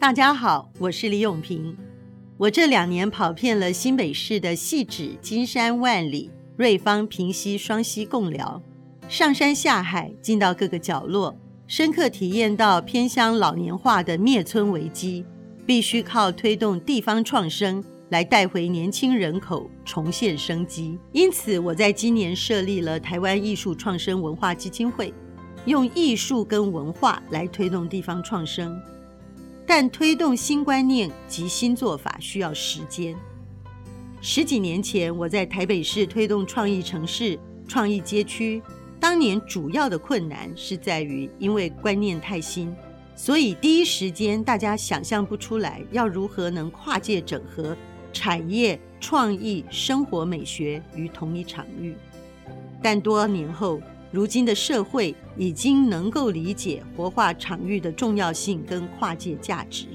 大家好，我是李永萍。我這兩年跑遍了新北市的汐止、金山、萬里、瑞芳、平溪、雙溪貢寮，上山下海，進到各個角落，深刻體驗到偏鄉老年化的滅村危機，必須靠推動地方創生來帶回年輕人口，重現生機。因此，我在今年設立了台灣藝術創生文化基金會，用藝術跟文化來推動地方創生。但推動新觀念及新做法需要時間。十幾年前，我在台北市推動創意城市、創意街區，當年主要的困難是在於，因為觀念太新，所以第一時間大家想象不出來要如何能跨界整合產業、創意、生活美學於同一場域。但多年後，如今的社會已經能夠理解活化場域的重要性跟跨界價值，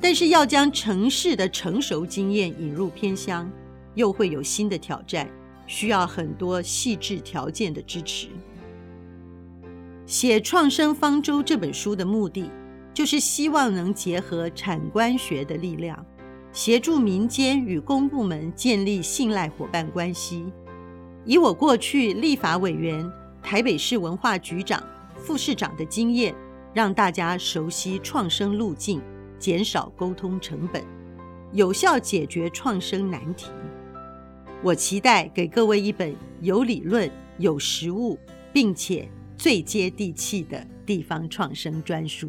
但是要將城市的成熟經驗引入偏鄉，又會有新的挑戰，需要很多細緻條件的支持。寫《創生方舟》這本書的目的，就是希望能結合產官學的力量，協助民間與公部門建立信賴夥伴關係。以我過去立法委員、台北市文化局長、副市長的經驗，讓大家熟悉創生路徑，減少溝通成本，有效解決創生難題。我期待給各位一本有理論、有實務，並且最接地氣的地方創生專書。